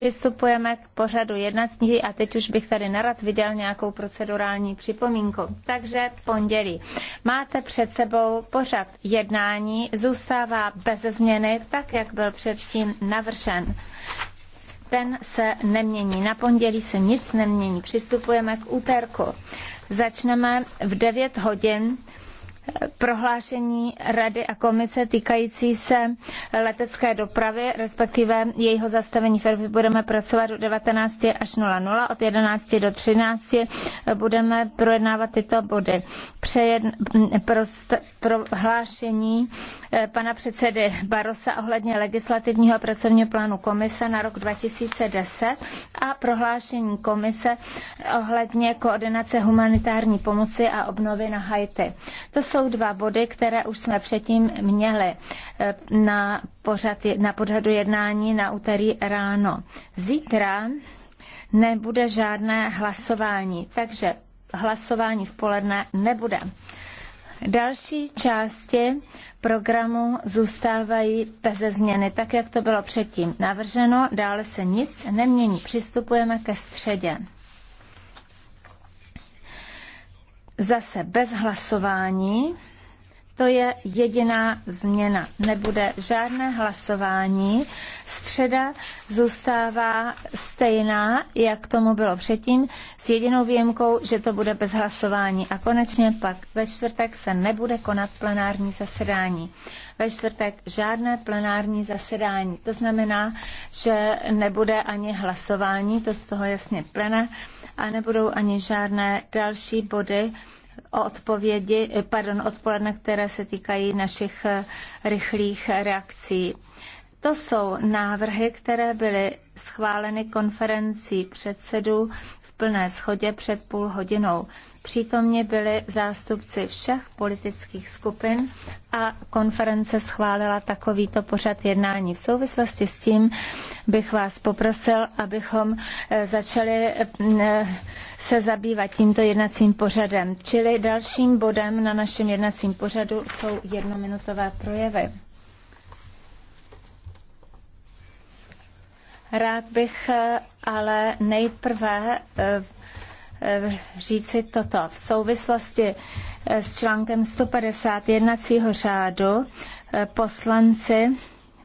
Přistupujeme k pořadu jednací a teď už bych tady narad viděl nějakou procedurální připomínku. Takže pondělí. Máte před sebou pořad jednání, zůstává bez změny, tak jak byl předtím navršen. Ten se nemění. Na pondělí se nic nemění. Přistupujeme k úterku. Začneme v 9 hodin prohlášení Rady a komise týkající se letecké dopravy, respektive jejího zastavení v Evropě budeme pracovat od 19 až 00, od 11 do 13 budeme projednávat tyto body. Přejedn, prost, prohlášení eh, pana předsedy Barosa ohledně legislativního a pracovního plánu komise na rok 2010 a prohlášení komise ohledně koordinace humanitární pomoci a obnovy na Haiti. To jsou jsou dva body, které už jsme předtím měli eh, na, pořad, na pořadu jednání na úterý ráno. Zítra nebude žádné hlasování, takže hlasování v poledne nebude. Další části programu zůstávají bez změny, tak jak to bylo předtím navrženo. Dále se nic nemění. Přistupujeme ke středě. Zase bez hlasování. To je jediná změna. Nebude žádné hlasování. Středa zůstává stejná, jak tomu bylo předtím, s jedinou výjimkou, že to bude bez hlasování. A konečně pak ve čtvrtek se nebude konat plenární zasedání. Ve čtvrtek žádné plenární zasedání. To znamená, že nebude ani hlasování, to z toho jasně plene a nebudou ani žádné další body odpovědi, pardon, odpoledne, které se týkají našich rychlých reakcí. To jsou návrhy, které byly schváleny konferencí předsedů v plné schodě před půl hodinou. Přítomně byli zástupci všech politických skupin a konference schválila takovýto pořad jednání. V souvislosti s tím bych vás poprosil, abychom eh, začali mm, eh, se zabývat tímto jednacím pořadem. Čili dalším bodem na našem jednacím pořadu jsou jednominutové projevy. Rád bych eh, ale nejprve Eh, říci toto. V souvislosti eh, s článkem 150 jednacího řádu eh, poslanci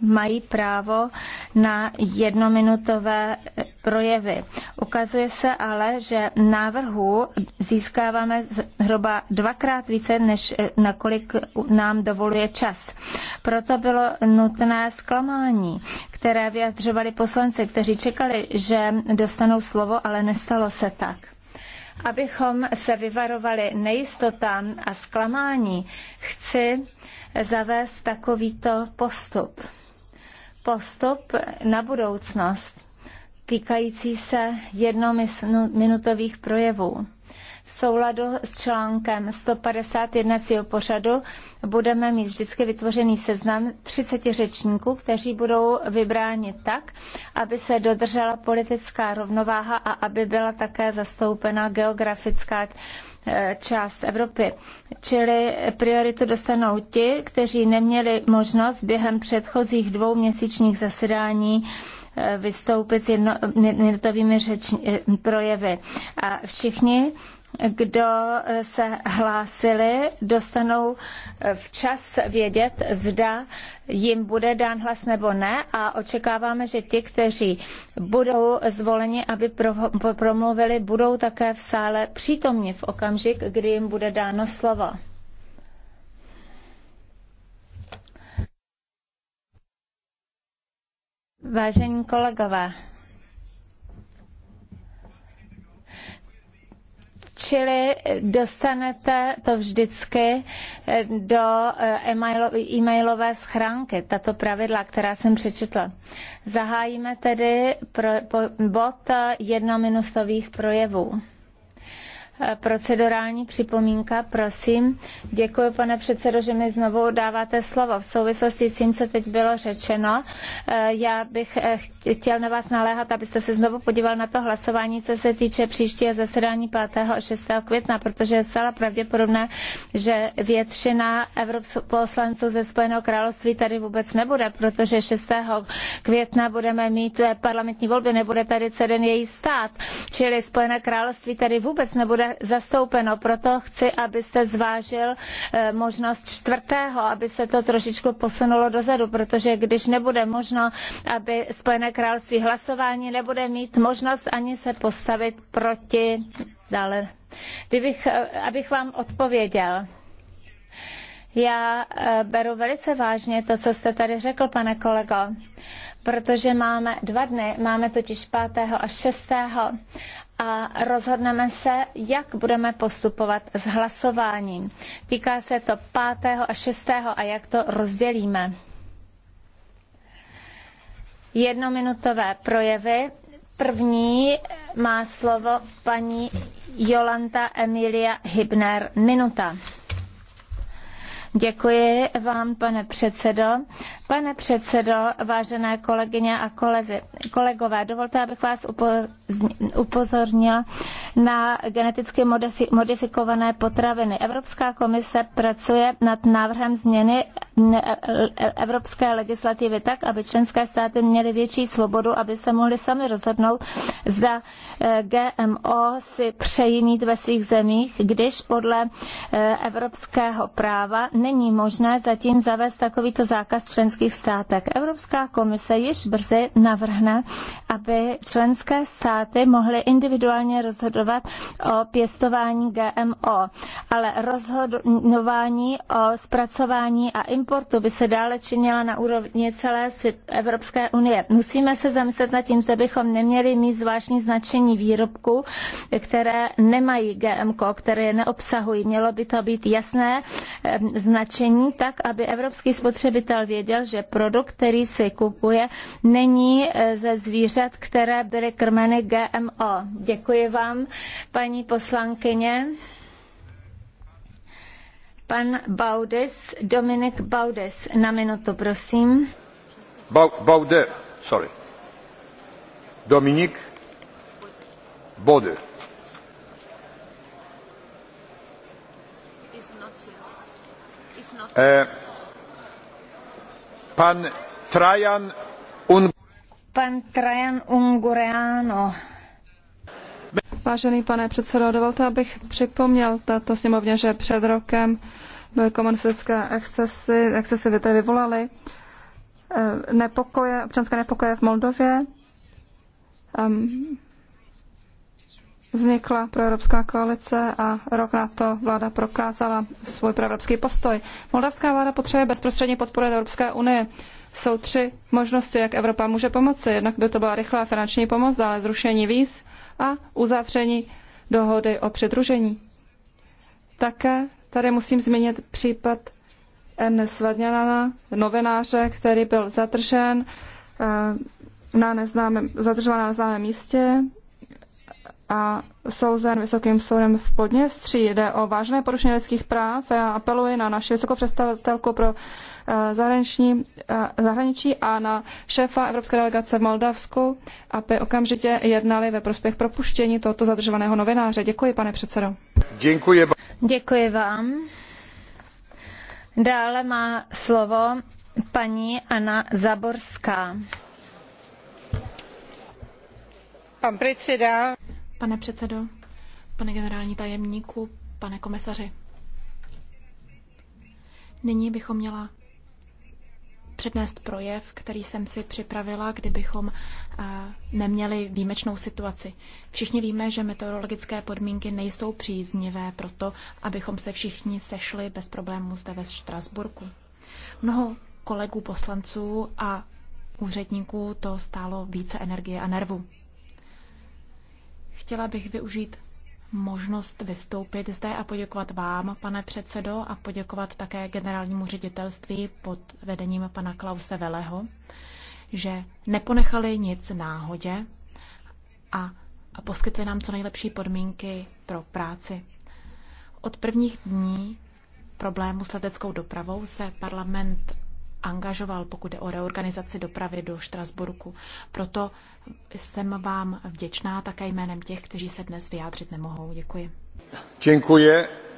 mají právo na jednominutové projevy. Ukazuje se ale, že návrhu získáváme hroba dvakrát více, než nakolik nám dovoluje čas. Proto bylo nutné zklamání, které vyjadřovali poslanci, kteří čekali, že dostanou slovo, ale nestalo se tak. Abychom se vyvarovali nejistotám a zklamání, chci zavést takovýto postup. Postup na budoucnost týkající se jednominutových projevů v souladu s článkem 150 jednacího pořadu budeme mít vždycky vytvořený seznam 30 řečníků, kteří budou vybráni tak, aby se dodržela politická rovnováha a aby byla také zastoupena geografická eh, část Evropy. Čili prioritu dostanou ti, kteří neměli možnost během předchozích dvou měsíčních zasedání eh, vystoupit s jednotovými eh, projevy. A všichni kdo se hlásili, dostanou eh, včas vědět, zda jim bude dán hlas nebo ne a očekáváme, že ti, kteří budou zvoleni, aby promluvili, budou také v sále přítomni v okamžik, kdy jim bude dáno slovo. Vážení kolegové, čili dostanete to vždycky eh, do eh, e-mailové schránky, tato pravidla, která jsem přečetla. Zahájíme tedy pro, po, bod eh, jednominutových projevů. Procedurální připomínka, prosím. Děkuji, pane předsedo, že mi znovu dáváte slovo. V souvislosti s tím, co teď bylo řečeno, eh, já bych eh, chtěl na vás naléhat, abyste se znovu podíval na to hlasování, co se týče příštího zasedání 5. a 6. května, protože je zcela pravděpodobné, že většina poslanců ze Spojeného království tady vůbec nebude, protože 6. května budeme mít eh, parlamentní volby, nebude tady celý její stát, čili Spojené království tady vůbec nebude zastoupeno. Proto chci, abyste zvážil eh, možnost čtvrtého, aby se to trošičku posunulo dozadu, protože když nebude možno, aby Spojené království hlasování nebude mít možnost ani se postavit proti dále. Kdybych, eh, abych vám odpověděl. Já eh, beru velice vážně to, co jste tady řekl, pane kolego, protože máme dva dny, máme totiž 5. a 6 a rozhodneme se, jak budeme postupovat s hlasováním. Týká se to pátého a šestého a jak to rozdělíme. Jednominutové projevy. První má slovo paní Jolanta Emilia Hibner. Minuta. Děkuji vám, pane předsedo. Pane předsedo, vážené kolegyně a kolezi, kolegové, dovolte, abych vás upozornila na geneticky modifikované potraviny. Evropská komise pracuje nad návrhem změny e, e, evropské legislativy tak, aby členské státy měly větší svobodu, aby se mohly sami rozhodnout, zda e, GMO si přejí mít ve svých zemích, když podle evropského práva není možné zatím zavést takovýto zákaz členských státek. Evropská komise již brzy navrhne, aby členské státy mohly individuálně rozhodovat o pěstování GMO, ale rozhodování o zpracování a importu by se dále činila na úrovni celé Evropské unie. Musíme se zamyslet nad tím, že bychom neměli mít zvláštní značení výrobků, které nemají GMO, které je neobsahují. Mělo by to být jasné ehm, značení tak, aby evropský spotřebitel věděl, že produkt, který si kupuje, není e, ze zvířat, které byly krmeny GMO. Děkuji vám, paní poslankyně. Pan Baudis, Dominik Baudis, na minutu, prosím. Ba sorry. Dominik Bode. Eh, pan Trajan Un... Pan Trajan Ungureano. Vážený pane předsedo, dovolte, abych připomněl této sněmovně, že před rokem byly komunistické excesy, excesy které vyvolaly eh, nepokoje, občanské nepokoje v Moldově vznikla proevropská koalice a rok na to vláda prokázala svůj proevropský postoj. Moldavská vláda potřebuje bezprostřední podporu Evropské unie. Jsou tři možnosti, jak Evropa může pomoci. Jednak by to byla rychlá finanční pomoc, dále zrušení víz a uzavření dohody o přidružení. Také tady musím zmínit případ N. Svadňana, novináře, který byl zadržen eh, na neznámém, zadržován na neznámém místě a souzen Vysokým soudem v Podněstří. Jde o vážné porušení lidských práv. Já apeluji na naši vysokou představitelku pro eh, zahraniční, eh, zahraničí a na šéfa Evropské delegace v Moldavsku, aby okamžitě jednali ve prospěch propuštění tohoto zadržovaného novináře. Děkuji, pane předsedo. Děkuji. Děkuji vám. Dále má slovo paní Anna Zaborská. Pan predseda. Pane předsedo, pane generální tajemníku, pane komisaři. Nyní bychom měla přednést projev, který jsem si připravila, kdybychom eh, neměli výjimečnou situaci. Všichni víme, že meteorologické podmínky nejsou příznivé pro to, abychom se všichni sešli bez problémů zde ve Štrasburku. Mnoho kolegů poslanců a úředníků to stálo více energie a nervu. Chtěla bych využít možnost vystoupit zde a poděkovat vám, pane předsedo, a poděkovat také generálnímu ředitelství pod vedením pana Klause Veleho, že neponechali nic náhodě a, a poskytli nám co nejlepší podmínky pro práci. Od prvních dní problému s leteckou dopravou se parlament angažoval, pokud jde o reorganizaci dopravy do Štrasburku. Proto jsem vám vděčná také jménem těch, kteří se dnes vyjádřit nemohou. Děkuji. Děkuji.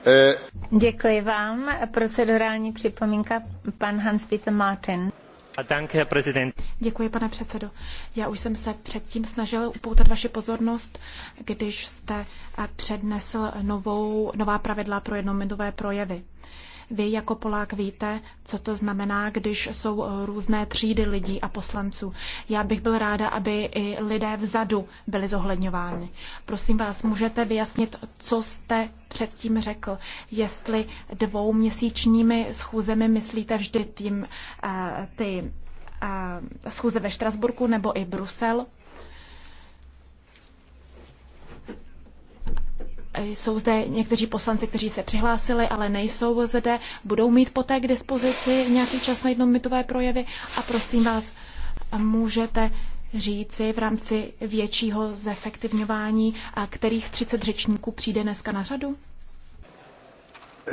Eh. Děkuji vám. Procedurální připomínka pan Hans-Peter Martin. Děkuji, pane předsedo. Já už jsem se předtím snažil upoutat vaši pozornost, když jste eh, přednesl novou, nová pravidla pro jednominutové projevy. Vy jako Polák víte, co to znamená, když jsou eh, různé třídy lidí a poslanců. Já bych byl ráda, aby i lidé vzadu byli zohledňováni. Prosím vás, můžete vyjasnit, co jste předtím řekl, jestli dvouměsíčními schůzemi myslíte vždy tím, eh, ty eh, schůze ve Štrasburku nebo i Brusel. jsou zde někteří poslanci, kteří se přihlásili, ale nejsou zde, budou mít poté k dispozici nějaký čas na jednomitové projevy a prosím vás, můžete říci v rámci většího zefektivňování, a kterých 30 řečníků přijde dneska na řadu?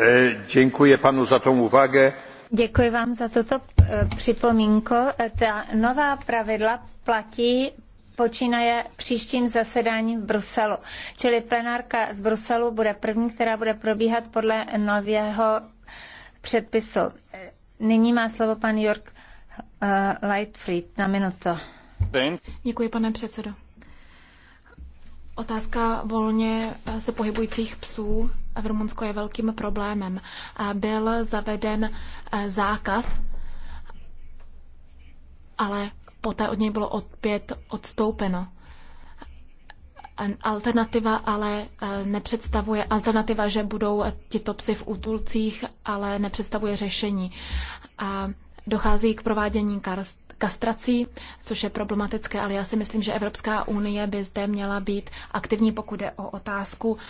Eh, děkuji panu za tomu uwagę. Děkuji vám za toto eh, připomínko. Ta nová pravidla platí počínaje příštím zasedáním v Bruselu. Čili plenárka z Bruselu bude první, která bude probíhat podle nového předpisu. Nyní má slovo pan Jörg eh, Lightfried na minuto. Děkuji, pane předsedo. Otázka volně eh, se pohybujících psů v Rumunsku je velkým problémem. Eh, byl zaveden zákaz, ale poté od něj bylo opět odstoupeno. Alternativa ale e, nepředstavuje, alternativa, že budou tito psy v útulcích, ale nepředstavuje řešení. A dochází k provádění kastrací, což je problematické, ale já si myslím, že Evropská unie by zde měla být aktivní, pokud je o otázku e,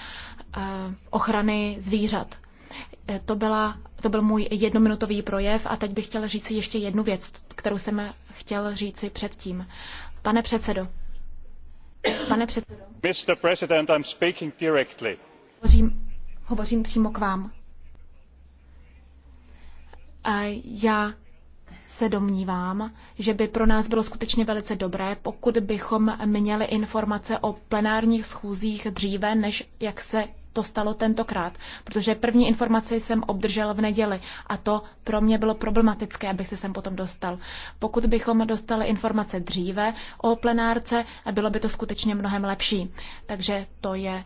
ochrany zvířat. Eh, to, byla, to byl můj jednominutový projev a teď bych chtěl říci ještě jednu věc, kterou jsem chtěl říci předtím. Pane předsedo, pane předsedo, Mr. President, I'm speaking directly. Hovořím, hovořím přímo k vám. A já se domnívám, že by pro nás bylo skutečně velice dobré, pokud bychom měli informace o plenárních schůzích dříve, než jak se to stalo tentokrát, protože první informaci jsem obdržel v neděli a to pro mě bylo problematické, abych se sem potom dostal. Pokud bychom dostali informace dříve o plenárce, bylo by to skutečně mnohem lepší. Takže to je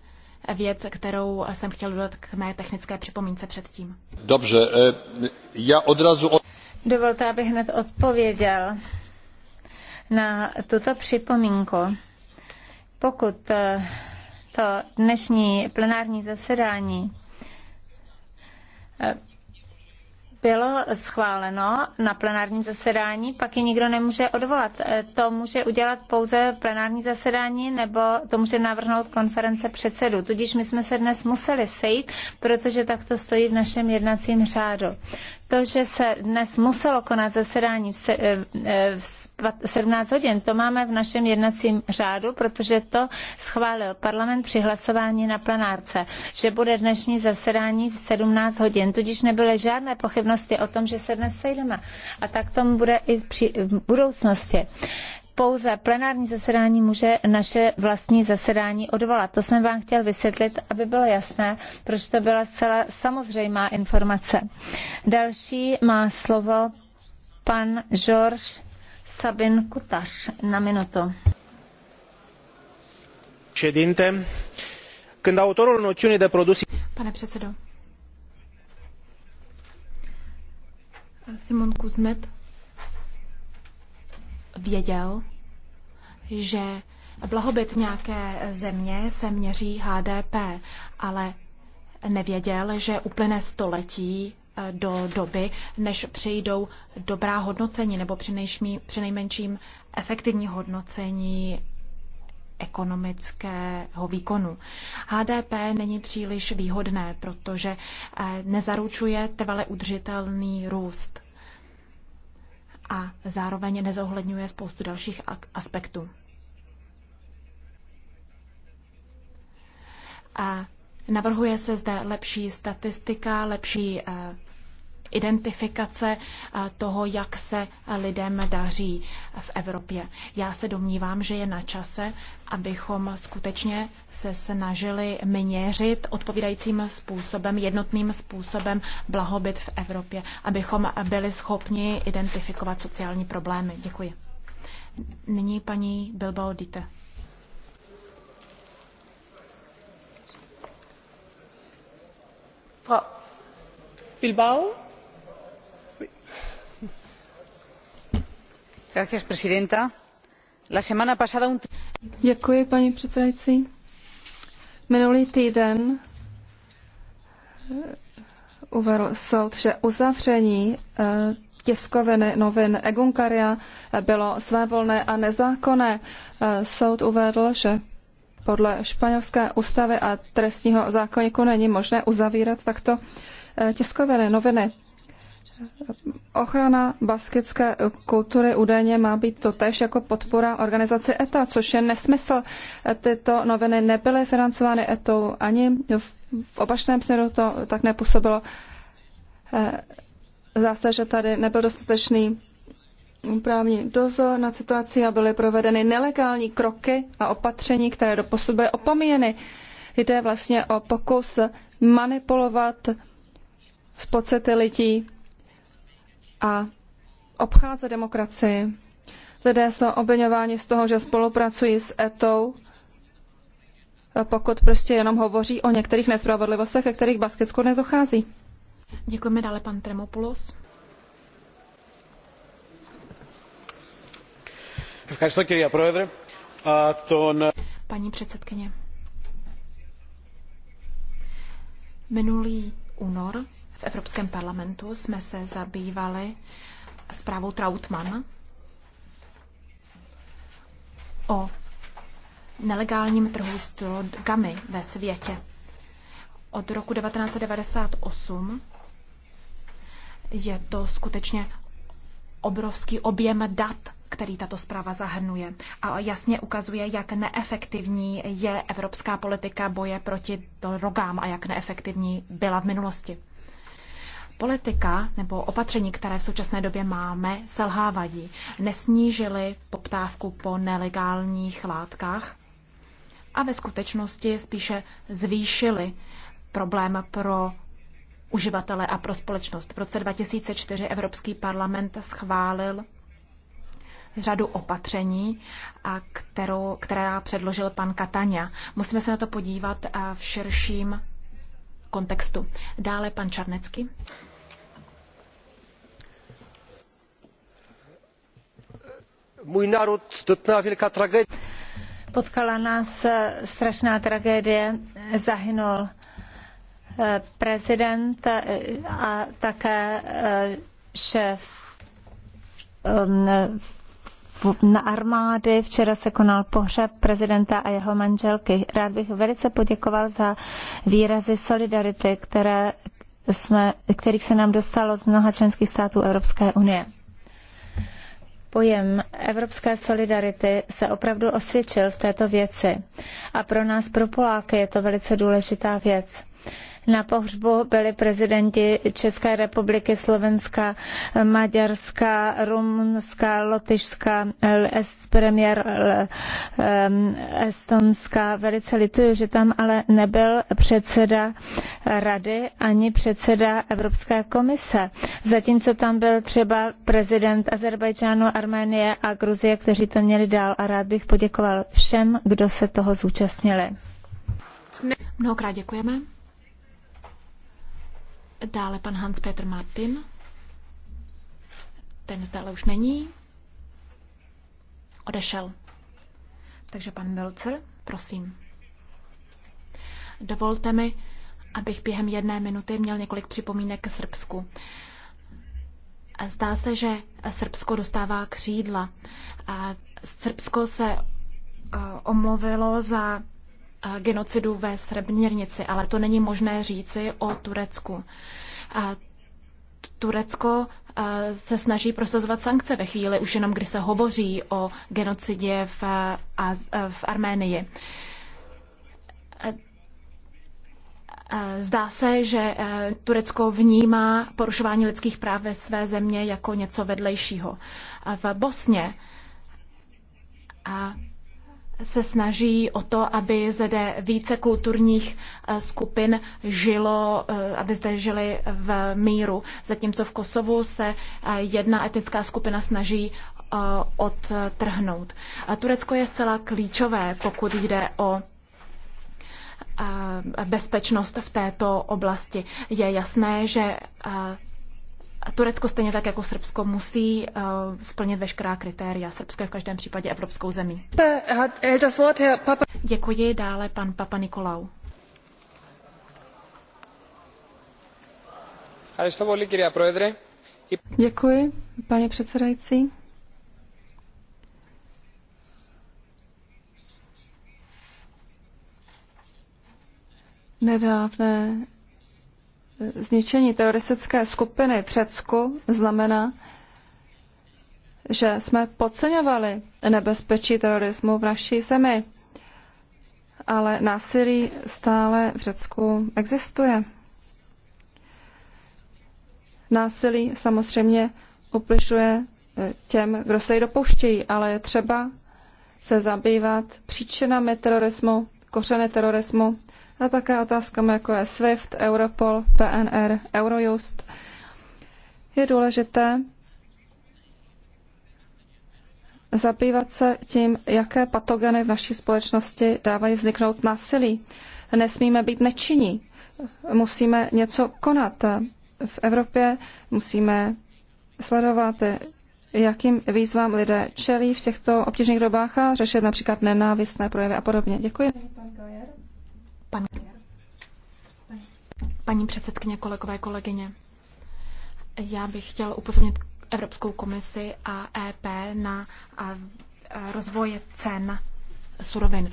věc, kterou jsem chtěl dodat k mé technické připomínce předtím. Dobře, eh, já odrazu... Od... Dovolte, abych hned odpověděl na tuto připomínku. Pokud eh, to dnešní plenární zasedání bylo schváleno na plenární zasedání, pak ji nikdo nemůže odvolat. E, to může udělat pouze plenární zasedání nebo to může navrhnout konference předsedů. Tudíž my jsme se dnes museli sejít, protože tak to stojí v našem jednacím řádu. To, že se dnes muselo konat zasedání v 17 e, e, hodin, to máme v našem jednacím řádu, protože to schválil parlament při hlasování na plenárce, že bude dnešní zasedání v 17 hodin. Tudíž nebyly žádné pochybnosti minulosti, o tom, že se dnes sejdeme. A tak tomu bude i při, v budoucnosti pouze plenární zasedání může naše vlastní zasedání odvolat. To jsem vám chtěl vysvětlit, aby bylo jasné, proč to byla zcela samozřejmá informace. Další má slovo pan George Sabin Kutaš na minutu. Pane předsedo, Simon Kuznet věděl, že blahobyt nějaké země se měří HDP, ale nevěděl, že uplyne století eh, do doby, než přijdou dobrá hodnocení nebo přinejmenším efektivní hodnocení ekonomického výkonu. HDP není příliš výhodné, protože eh, nezaručuje trvale udržitelný růst a zároveň nezohledňuje spoustu dalších aspektů. A navrhuje se zde lepší statistika, lepší eh, identifikace toho, jak se lidem daří v Evropě. Já se domnívám, že je na čase, abychom skutečně se snažili měřit odpovídajícím způsobem, jednotným způsobem blahobyt v Evropě, abychom byli schopni identifikovat sociální problémy. Děkuji. Nyní paní Bilbao Dite. Frau Bilbao? Děkuji, paní předsedající. Minulý týden eh, uvedl soud, že uzavření eh, tiskoviny novin Egunkaria eh, bylo svévolné a nezákonné. Soud uvedl, že podle španělské ústavy a trestního zákoníku není možné uzavírat takto tiskoviny noviny. Ochrana baskické kultury údajně má být totéž jako podpora organizaci ETA, což je nesmysl. Tyto noviny nebyly financovány ETou, ani v opačném směru to tak nepůsobilo. Eh, zdá se, že tady nebyl dostatečný právní dozor nad situací a byly provedeny nelegální kroky a opatření, které posud byly opomíjeny. Jde vlastně o pokus manipulovat z pocity lidí a obcházet demokracii. Lidé jsou obvinováni z toho, že spolupracují s etou, pokud prostě jenom hovoří o některých nespravedlivostech, ke kterých Baskicku nezochází. Děkujeme dále pan Tremopoulos. Paní předsedkyně, minulý únor v Evropském parlamentu jsme se zabývali zprávou Trautmann o nelegálním trhu s drogami ve světě. Od roku 1998 je to skutečně obrovský objem dat, který tato zpráva zahrnuje a jasně ukazuje, jak neefektivní je evropská politika boje proti drogám a jak neefektivní byla v minulosti. Politika nebo opatření, které v současné době máme, selhávají. Nesnížily poptávku po nelegálních látkách a ve skutečnosti spíše zvýšily problém pro uživatele a pro společnost. V roce 2004 Evropský parlament schválil řadu opatření, a kterou, která předložil pan Katania. Musíme se na to podívat v širším kontextu. Dále pan Čarnecky. Můj národ dotná velká tragédie. Potkala nás eh, strašná tragédie, zahynul eh, prezident eh, a také šéf um, na armády. Včera se konal pohřeb prezidenta a jeho manželky. Rád bych velice poděkoval za výrazy solidarity, které jsme, kterých se nám dostalo z mnoha členských států Evropské unie. Pojem evropské solidarity se opravdu osvědčil v této věci a pro nás, pro Poláky, je to velice důležitá věc. Na pohřbu byli prezidenti České republiky, Slovenska, Maďarska, Rumunska, Lotyšska, est, premiér eh, Estonska. Velice lituju, že tam ale nebyl předseda rady ani předseda Evropské komise. Zatímco tam byl třeba prezident Azerbajdžánu, Arménie a Gruzie, kteří to měli dál a rád bych poděkoval všem, kdo se toho zúčastnili. Mnohokrát děkujeme. Dále pan Hans-Peter Martin. Ten zdále už není. Odešel. Takže pan Milcer, prosím. Dovolte mi, abych během jedné minuty měl několik připomínek k Srbsku. Zdá se, že Srbsko dostává křídla. Srbsko se eh, omluvilo za genocidu ve Srebrnici, ale to není možné říci o Turecku. A Turecko se snaží prosazovat sankce ve chvíli, už jenom kdy se hovoří o genocidě v, v Arménii. Zdá se, že Turecko vnímá porušování lidských práv ve své země jako něco vedlejšího. V Bosně se snaží o to, aby zde více kulturních eh, skupin žilo, eh, aby zde žili v míru. Zatímco v Kosovu se eh, jedna etnická skupina snaží odtrhnout. Turecko je zcela klíčové, pokud jde o bezpečnost v této oblasti. Je jasné, že Turecko stejně tak jako Srbsko musí uh, splnit veškerá kritéria. Srbsko je v každém případě evropskou zemí. Děkuji dále pan Papa Nikolau. Děkuji, paní předsedající. Nedávné zničení teroristické skupiny v Řecku znamená, že jsme podceňovali nebezpečí terorismu v naší zemi. Ale násilí stále v Řecku existuje. Násilí samozřejmě upližuje eh, těm, kdo se jí dopouštějí, ale je třeba se zabývat příčinami terorismu, kořeny terorismu a také otázkami, jako je SWIFT, Europol, PNR, Eurojust. Je důležité zabývat se tím, jaké patogeny v naší společnosti dávají vzniknout násilí. Nesmíme být nečinní. Musíme něco konat. V Evropě musíme sledovat, jakým výzvám lidé čelí v těchto obtížných dobách a řešit například nenávistné projevy a podobně. Děkuji. Paní předsedkyně, kolegové, kolegyně, já bych chtěl upozornit Evropskou komisi a EP na rozvoje cen surovin.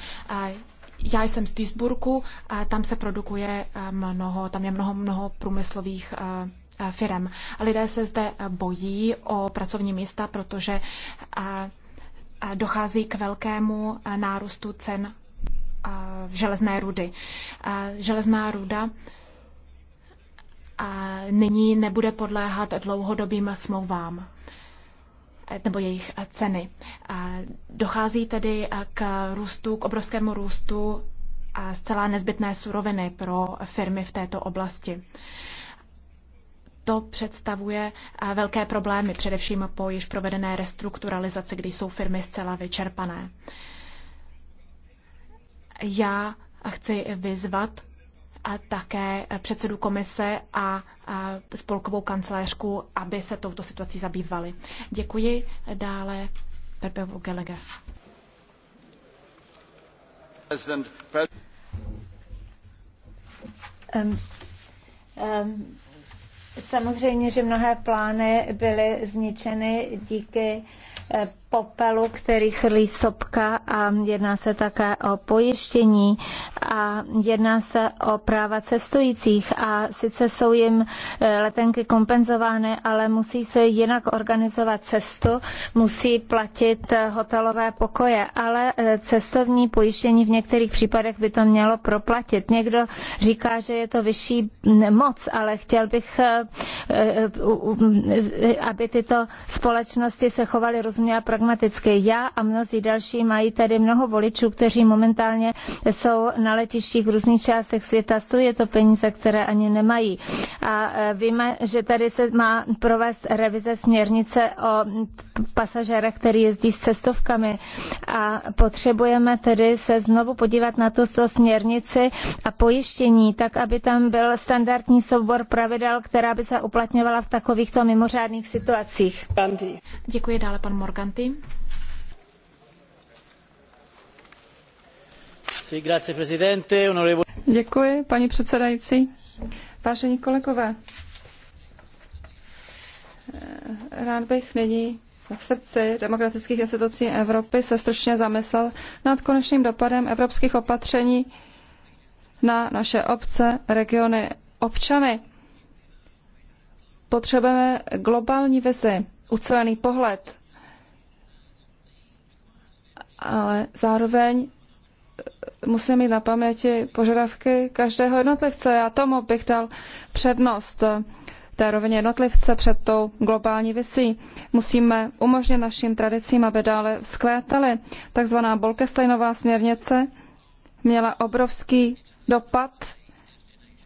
Já jsem z Duisburgu, tam se produkuje mnoho, tam je mnoho, mnoho průmyslových firm. Lidé se zde bojí o pracovní místa, protože dochází k velkému nárůstu cen železné rudy. Železná ruda nyní nebude podléhat dlouhodobým smlouvám eh, nebo jejich ceny. Dochází tedy eh, k růstu, k obrovskému růstu a zcela nezbytné suroviny pro firmy v této oblasti. To představuje eh, velké problémy, především po již provedené restrukturalizaci, kdy jsou firmy zcela vyčerpané. Já chci vyzvat a také předsedu komise a spolkovou kancelářku, aby se touto situací zabývali. Děkuji. Dále Pepe Gelege. samozřejmě, že mnohé plány byly zničeny díky eh, popelu, který chrlí sopka a jedná se také o pojištění a jedná se o práva cestujících a sice jsou jim eh, letenky kompenzovány, ale musí se jinak organizovat cestu, musí platit eh, hotelové pokoje, ale eh, cestovní pojištění v některých případech by to mělo proplatit. Někdo říká, že je to vyšší mm, moc, ale chtěl bych, aby tyto společnosti se chovaly rozumně a pragmaticky pragmaticky. Já a mnozí další mají tady mnoho voličů, kteří momentálně jsou na letištích v různých částech světa. Jsou je to peníze, které ani nemají. A e, víme, že tady se má provést revize směrnice o pasažerech, který jezdí s cestovkami. A potřebujeme tedy se znovu podívat na tu směrnici a pojištění, tak aby tam byl standardní soubor pravidel, která by se uplatňovala v takovýchto mimořádných situacích. Děkuji dále pan Morganti. Děkuji. paní předsedající. Vážení kolegové, rád bych nyní v srdci demokratických institucí Evropy se stručně zamyslel nad konečným dopadem evropských opatření na naše obce, regiony, občany. Potřebujeme globální vizi, ucelený pohled, ale zároveň eh, musíme mít na paměti požadavky každého jednotlivce. Já tomu bych dal přednost eh, té rovině jednotlivce před tou globální visí. Musíme umožnit našim tradicím, aby dále vzkvétaly. Takzvaná Bolkesteinová směrnice měla obrovský dopad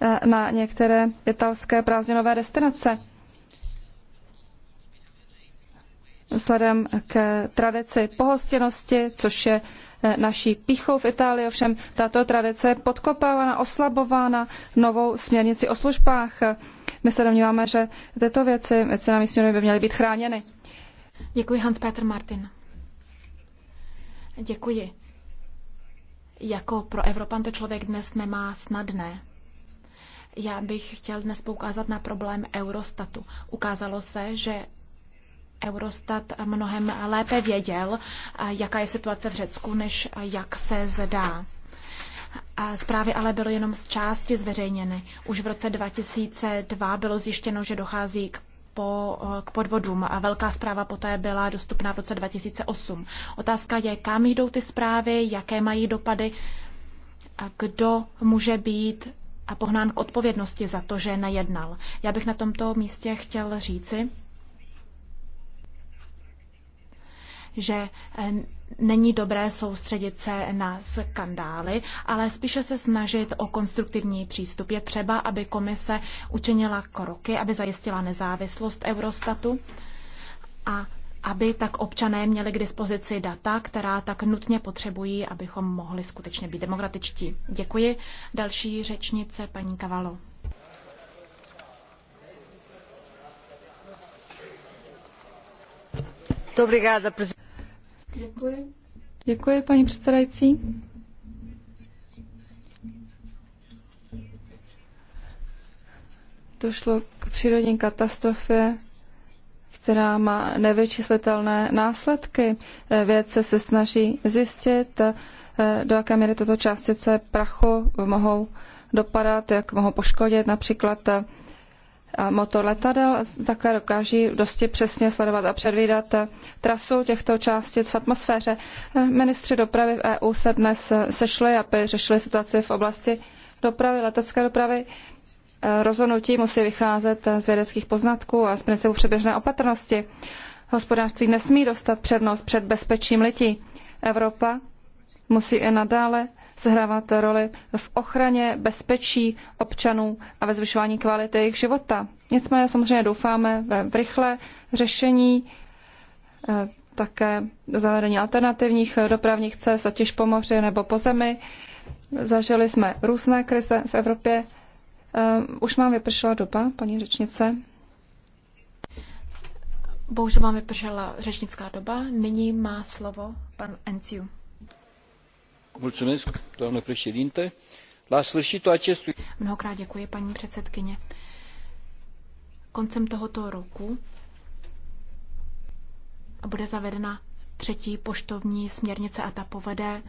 eh, na některé italské prázdninové destinace. vzhledem k tradici pohostinnosti, což je eh, naší píchou v Itálii. Ovšem tato tradice je podkopávána, oslabována novou směrnici o službách. My se domníváme, že tyto věci, věci na místní by měly být chráněny. Děkuji, Hans-Peter Martin. Děkuji. Jako pro Evropan to člověk dnes nemá snadné. Já bych chtěl dnes poukázat na problém Eurostatu. Ukázalo se, že Eurostat mnohem lépe věděl, jaká je situace v Řecku, než jak se zdá. Zprávy ale byly jenom z části zveřejněny. Už v roce 2002 bylo zjištěno, že dochází k k podvodům a velká zpráva poté byla dostupná v roce 2008. Otázka je, kam jdou ty zprávy, jaké mají dopady, a kdo může být a pohnán k odpovědnosti za to, že nejednal. Já bych na tomto místě chtěl říci, že eh, není dobré soustředit se na skandály, ale spíše se snažit o konstruktivní přístup. Je třeba, aby komise učinila kroky, aby zajistila nezávislost Eurostatu a aby tak občané měli k dispozici data, která tak nutně potřebují, abychom mohli skutečně být demokratičtí. Děkuji. Další řečnice, paní Kavalo. Dobrý den, Děkuji. Děkuji, paní předsedající. Došlo k přírodní katastrofě, která má nevyčíslitelné následky. Vědce se snaží zjistit, eh, do jaké míry toto částice prachu mohou dopadat, jak mohou poškodit například eh, motor letadel. Také dokáží dosti přesně sledovat a předvídat eh, trasu těchto částic v atmosféře. Eh, ministři dopravy v EU se dnes eh, sešli, aby řešili situaci v oblasti dopravy, letecké dopravy. Rozhodnutí musí vycházet z vědeckých poznatků a z principu předběžné opatrnosti. Hospodářství nesmí dostat přednost před bezpečím letí. Evropa musí i nadále sehrávat roli v ochraně bezpečí občanů a ve zvyšování kvality jejich života. Nicméně samozřejmě doufáme ve rychlé řešení eh, také zavedení alternativních dopravních cest, ať už po moři nebo po zemi. Zažili jsme různé krize v Evropě. Eh, už mám vypršela doba, paní řečnice. Bohužel vám vypršela řečnická doba. Nyní má slovo pan Enciu. Mnohokrát paní předsedkyně. Koncem tohoto roku bude zavedena třetí poštovní směrnice a ta povede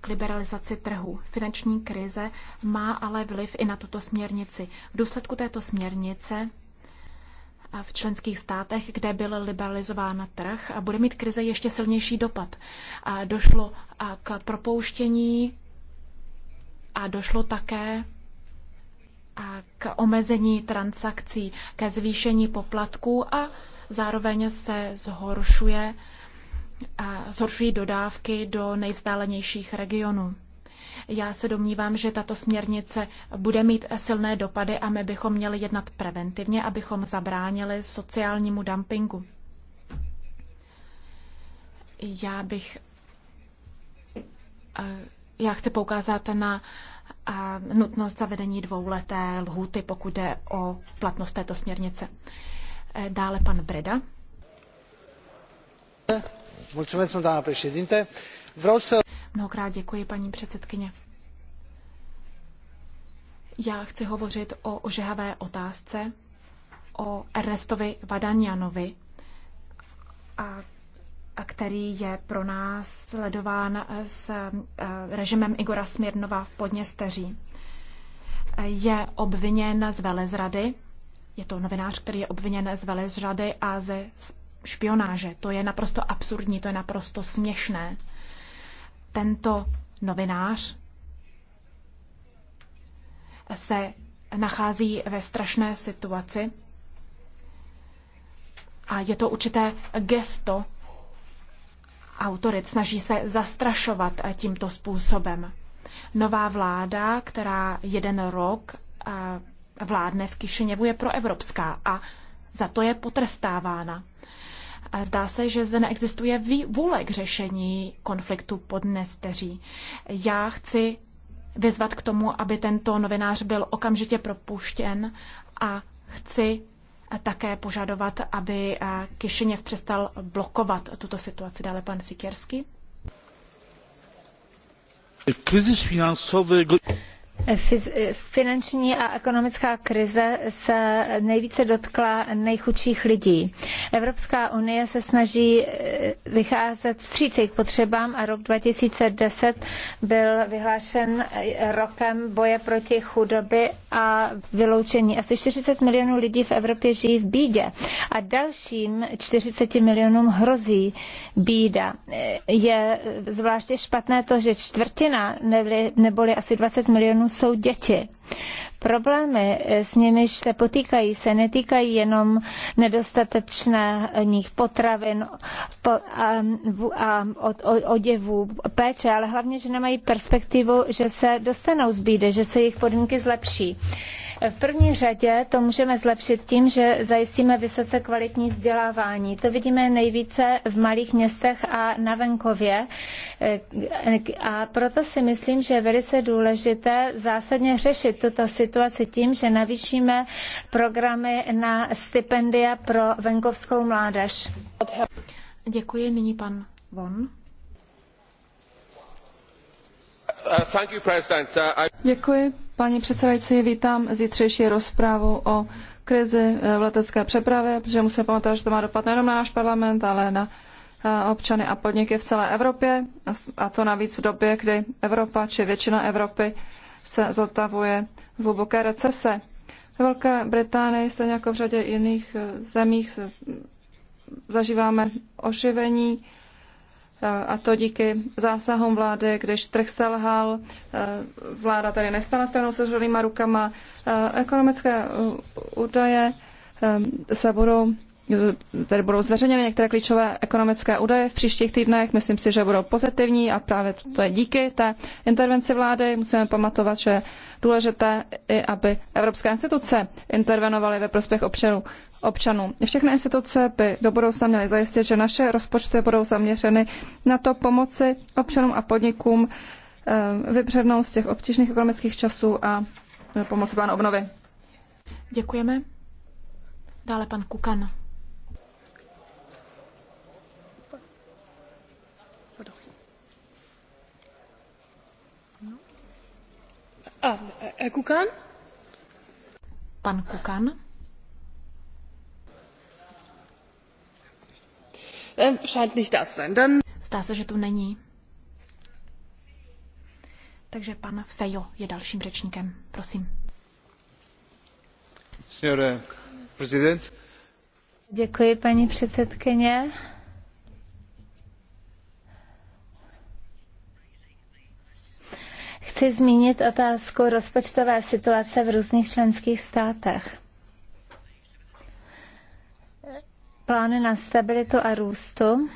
k liberalizaci trhu. Finanční krize má ale vliv i na tuto směrnici. V důsledku této směrnice v členských státech, kde byl liberalizován trh, bude mít krize ještě silnější dopad. Došlo k propouštění a došlo také k omezení transakcí, ke zvýšení poplatků a zároveň se zhoršuje, zhoršují dodávky do nejvzdálenějších regionů. Já se domnívám, že tato směrnice bude mít silné dopady a my bychom měli jednat preventivně, abychom zabránili sociálnímu dumpingu. Já bych. Eh, já chci poukázat na eh, nutnost zavedení dvouleté lhůty, pokud jde o platnost této směrnice. Eh, dále pan Breda. Mulțumesc, doamna președinte. Vreau să Mnohokrát děkuji, paní předsedkyně. Já chci hovořit o ožehavé otázce, o Ernestovi Vadanianovi, a, a který je pro nás sledován s a, e, režimem Igora Smirnova v Podněsteří. Je obviněn z velezrady, je to novinář, který je obviněn z velezrady a ze špionáže. To je naprosto absurdní, to je naprosto směšné tento novinář se nachází ve strašné situaci a je to určité gesto autorit. Snaží se zastrašovat tímto způsobem. Nová vláda, která jeden rok eh, vládne v Kišiněvu, je proevropská a za to je potrestávána. Zdá se, že zde neexistuje vůle k řešení konfliktu pod nesteří. Já chci vyzvat k tomu, aby tento novinář byl okamžitě propuštěn a chci také požadovat, aby Kišiněv přestal blokovat tuto situaci. Dále pan Sikersky. Kryzys finansowy. Finanční a ekonomická krize se nejvíce dotkla nejchudších lidí. Evropská unie se snaží eh, vycházet vstříc jejich potřebám a rok 2010 byl vyhlášen eh, rokem boje proti chudoby a vyloučení. Asi 40 milionů lidí v Evropě žijí v bídě a dalším 40 milionům hrozí bída. Eh, je zvláště špatné to, že čtvrtina neboli asi 20 milionů jsou děti. Problémy, eh, s nimiž se potýkají, se netýkají jenom nedostatečných potravin a oděvů, péče, ale hlavně, že nemají perspektivu, že se dostanou z bídy, že se jejich podmínky zlepší. V první řadě to můžeme zlepšit tím, že zajistíme vysoce kvalitní vzdělávání. To vidíme nejvíce v malých městech a na venkově. A proto si myslím, že je velice důležité zásadně řešit tuto situaci tím, že navýšíme programy na stipendia pro venkovskou mládež. Děkuji. Nyní pan Von. Uh, uh, Děkuji, Paní předsedající, vítám zítřejší rozprávu o krizi eh, v letecké přepravě, protože musíme pamatovat, že to má dopad nejenom na náš parlament, ale na eh, občany a podniky v celé Evropě. A to navíc v době, kdy Evropa či většina Evropy se zotavuje z hluboké recese. Ve Velké Británii, stejně jako v řadě jiných eh, zemích, zažíváme oživení a to díky zásahům vlády, když trh selhal, e, vláda tady nestala stranou se žilýma rukama, e, ekonomické údaje e, se budou tady budou zveřejněny některé klíčové ekonomické údaje v příštích týdnech. Myslím si, že budou pozitivní a právě to je díky té intervenci vlády. Musíme pamatovat, že důležité i, aby evropské instituce intervenovaly ve prospěch občanů. občanů. Všechny instituce by do budoucna měly zajistit, že naše rozpočty budou zaměřeny na to pomoci občanům a podnikům eh, vybřednout z těch obtížných ekonomických časů a eh, pomoci plánu obnovy. Děkujeme. Dále pan Kukan. Pan Zdá se, že tu není. Takže pan Fejo je dalším řečníkem. Prosím. paní předsedkyně. Děkuji, paní předsedkyně. chci zmínit otázku rozpočtové situace v různých členských státech. Plány na stabilitu a růstu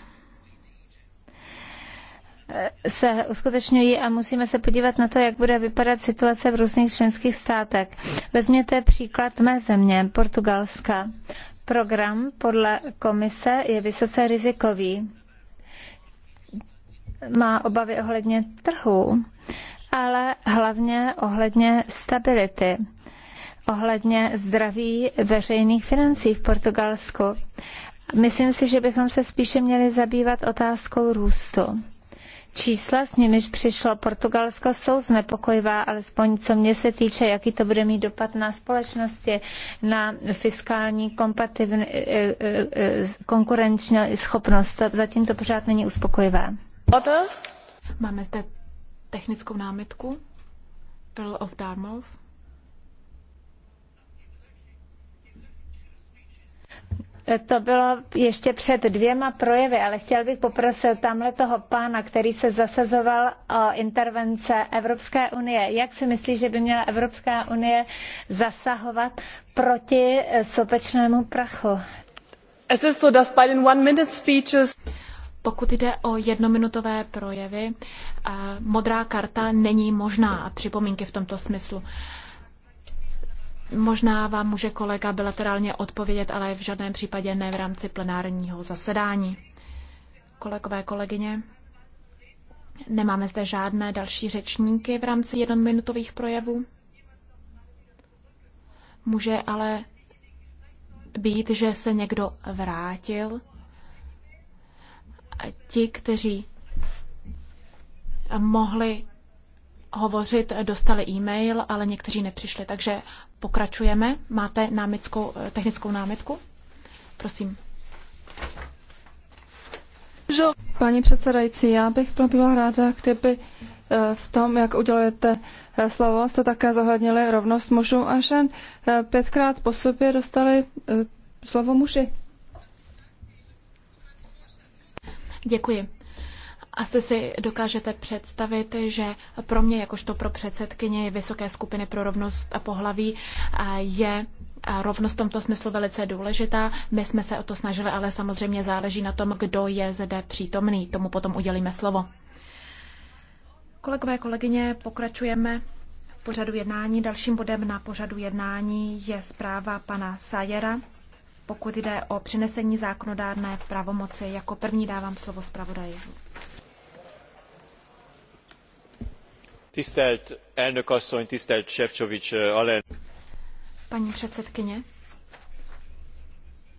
se uskutečňují a musíme se podívat na to, jak bude vypadat situace v různých členských státech. Vezměte příklad mé země, Portugalska. Program podle komise je vysoce rizikový. Má obavy ohledně trhu ale hlavně ohledně stability, ohledně zdraví veřejných financí v Portugalsku. Myslím si, že bychom se spíše měli zabývat otázkou růstu. Čísla, s nimiž přišlo Portugalsko, jsou znepokojivá, alespoň co mě se týče, jaký to bude mít dopad na společnosti, na fiskální e, e, e, konkurenční schopnost. Zatím to pořád není uspokojivé. Máme zde technickou námitku. Earl of Dartmouth. To bylo ještě před dvěma projevy, ale chtěl bych poprosit tamhle toho pána, který se zasazoval o intervence Evropské unie. Jak si myslí, že by měla Evropská unie zasahovat proti sopečnému prachu? Es ist so, dass bei den One-Minute-Speeches pokud jde o jednominutové projevy, eh, modrá karta není možná a připomínky v tomto smyslu. Možná vám může kolega bilaterálně odpovědět, ale v žádném případě ne v rámci plenárního zasedání. Kolegové, kolegyně, nemáme zde žádné další řečníky v rámci jednominutových projevů. Může ale být, že se někdo vrátil ti, kteří mohli hovořit, dostali e-mail, ale někteří nepřišli. Takže pokračujeme. Máte námitskou, eh, technickou námitku? Prosím. Paní předsedající, já bych byla ráda, kdyby eh, v tom, jak udělujete eh, slovo, jste také zohlednili rovnost mužů a žen. Pětkrát po sobě dostali slovo muži. Děkuji. Asi si dokážete představit, že pro mě, jakožto pro předsedkyně Vysoké skupiny pro rovnost a pohlaví, je rovnost v tomto smyslu velice důležitá. My jsme se o to snažili, ale samozřejmě záleží na tom, kdo je zde přítomný. Tomu potom udělíme slovo. Kolegové, kolegyně, pokračujeme v pořadu jednání. Dalším bodem na pořadu jednání je zpráva pana Sajera pokud jde o přinesení zákonodárné pravomoci. Jako první dávám slovo zpravodaji. Tisztelt elnök asszony, tisztelt Ševčovič, uh, Paní předsedkyně,